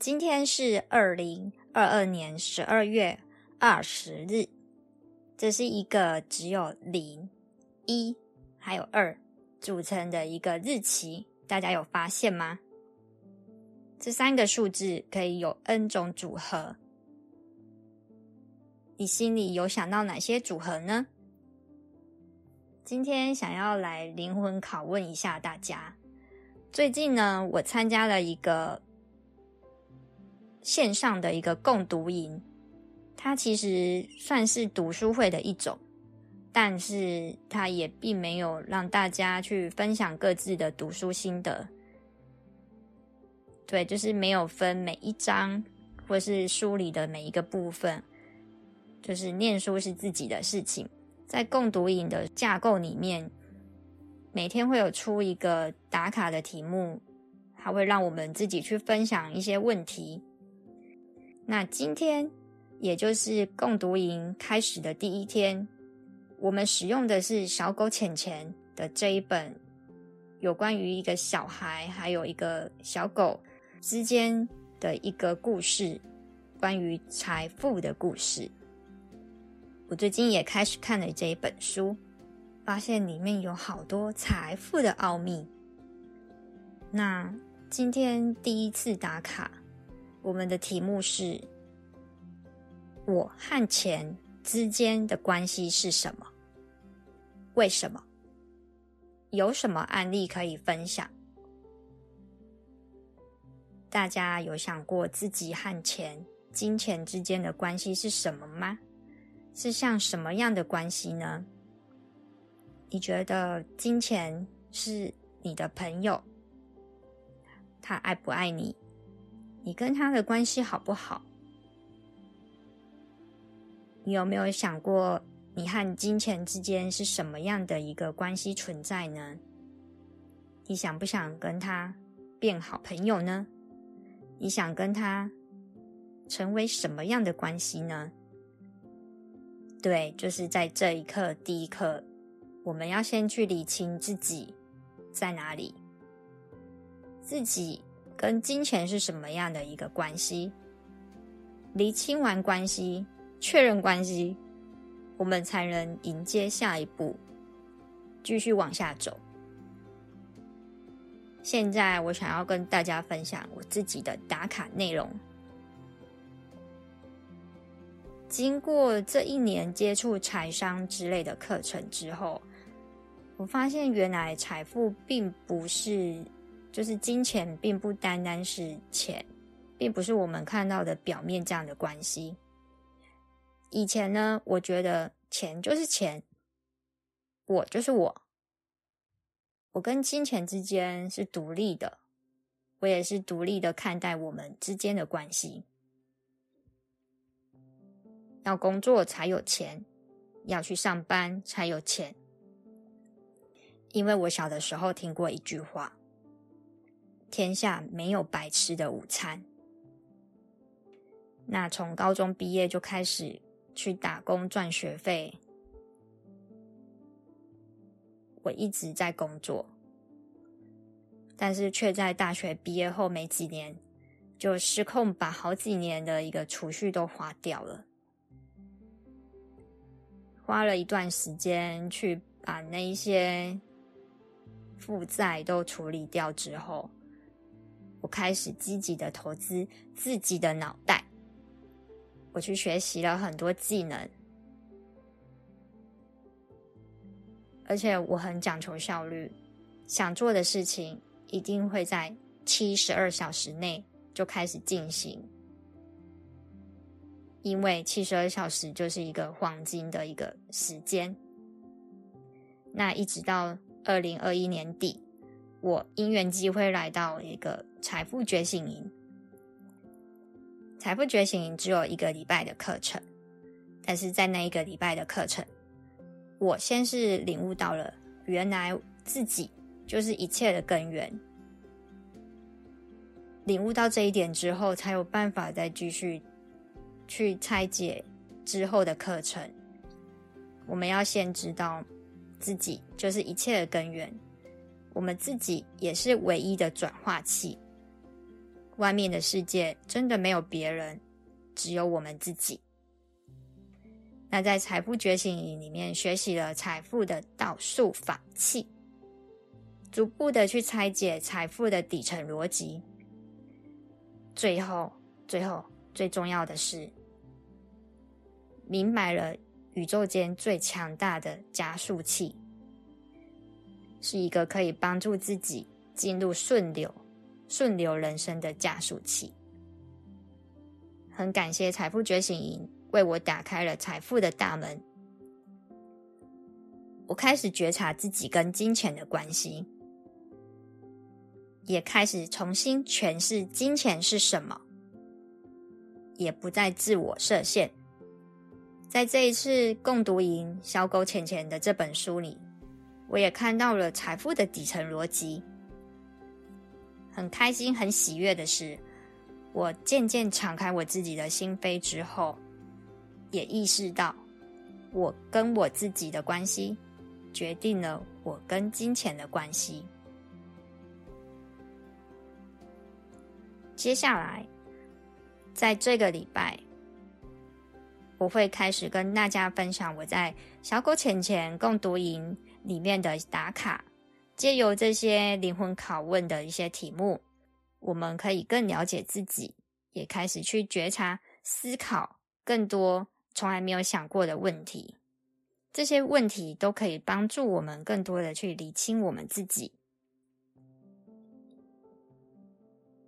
今天是二零二二年十二月二十日，這是一個只有零、一還有二組成的一個日期。大家有發現嗎？這三個數字可以有 N 種組合，你心裡有想到哪些組合呢？今天想要來靈魂拷問一下大家。最近呢，我參加了一個。線上的一個共讀營，它其實算是讀書會的一種，但是它也並沒有讓大家去分享各自的讀書心得。對，就是沒有分每一章或是書裡的每一個部分，就是念書是自己的事情。在共讀營的架構裡面，每天會有出一個打卡的題目，它會讓我們自己去分享一些問題。那今天，也就是共讀營開始的第一天，我們使用的是《小狗錢錢》的這一本，有關於一個小孩，還有一個小狗之間的一個故事，關於財富的故事。我最近也開始看了這一本書，發現裡面有好多財富的奧秘。那今天第一次打卡。我們的題目是：我和錢之間的關係是什麼？為什麼？有什麼案例可以分享？大家有想過自己和錢、金錢之間的關係是什麼嗎？是像什麼樣的關係呢？你覺得金錢是你的朋友，他愛不愛你？你跟他的關係好不好？你有沒有想過，你和金錢之間是什麼樣的一個關係存在呢？你想不想跟他變好朋友呢？你想跟他成為什麼樣的關係呢？對，就是在這一刻，第一刻，我們要先去理清自己在哪裡，自己。跟金錢是什麼樣的一個關係？釐清完關係，確認關係，我們才能迎接下一步，繼續往下走。現在我想要跟大家分享我自己的打卡內容。經過這一年接觸財商之類的課程之後，我發現原來財富並不是。就是金錢並不單單是錢，並不是我們看到的表面這樣的關係。以前呢，我覺得錢就是錢，我就是我。我跟金錢之間是獨立的，我也是獨立的看待我們之間的關係。要工作才有錢，要去上班才有錢。因為我小的時候聽過一句話。天下沒有白吃的午餐。那從高中畢業就開始去打工賺學費，我一直在工作，但是卻在大學畢業後沒幾年，就失控把好幾年的一個儲蓄都花掉了。花了一段時間去把那一些負債都處理掉之後。我開始積極的投資自己的腦袋，我去學習了很多技能，而且我很講求效率，想做的事情一定會在七十二小時內就開始進行，因為七十二小時就是一個黃金的一個時間。那一直到二零二一年底。我因緣機會來到一個財富覺醒營，財富覺醒營只有一個禮拜的課程。但是在那一個禮拜的課程，我先是領悟到了原來自己就是一切的根源，領悟到這一點之後，才有辦法再繼續去拆解之後的課程。我們要先知道自己就是一切的根源。我們自己也是唯一的轉化器。外面的世界真的沒有別人，只有我們自己。那在財富覺醒裡面學習了財富的道術法器，逐步的去拆解財富的底層邏輯。最後，最後，最重要的是，明白了宇宙間最強大的加速器。是一個可以幫助自己進入順流、順流人生的加速器。很感謝財富覺醒營為我打開了財富的大門，我開始覺察自己跟金錢的關係，也開始重新詮釋金錢是什麼，也不再自我設限。在這一次共讀營《小狗錢錢》的這本書裡。我也看到了財富的底層邏輯，很開心、很喜悅的是，我漸漸敞開我自己的心扉之後，也意識到我跟我自己的關係決定了我跟金錢的關係。接下來，在這個禮拜，我會開始跟大家分享我在小狗錢錢共讀營。裡面的打卡，借由這些靈魂拷問的一些題目，我們可以更了解自己，也開始去覺察、思考更多從來沒有想過的問題。這些問題都可以幫助我們更多的去理清我們自己，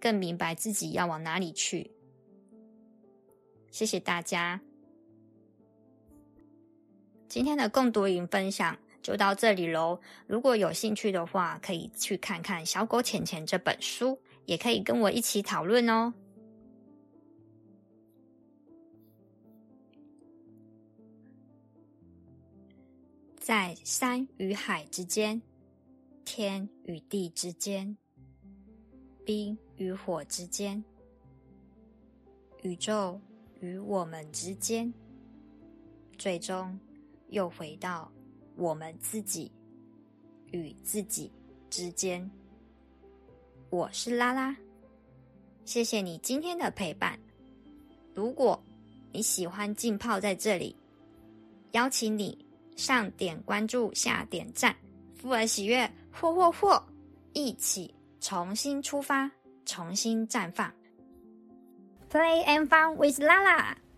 更明白自己要往哪裡去。謝謝大家，今天的共讀營分享。就到這裡嘍。如果有興趣的話，可以去看看《小狗錢錢》這本書，也可以跟我一起討論哦。在山與海之間，天與地之間，冰與火之間，宇宙與我們之間，最終又回到。我們自己與自己之間。我是拉拉，謝謝你今天的陪伴。如果你喜歡浸泡在這裡，邀請你上點關注，下點讚，富而喜悅，嚯嚯嚯，一起從心出發，從心綻放。Play and Fun with LaLa.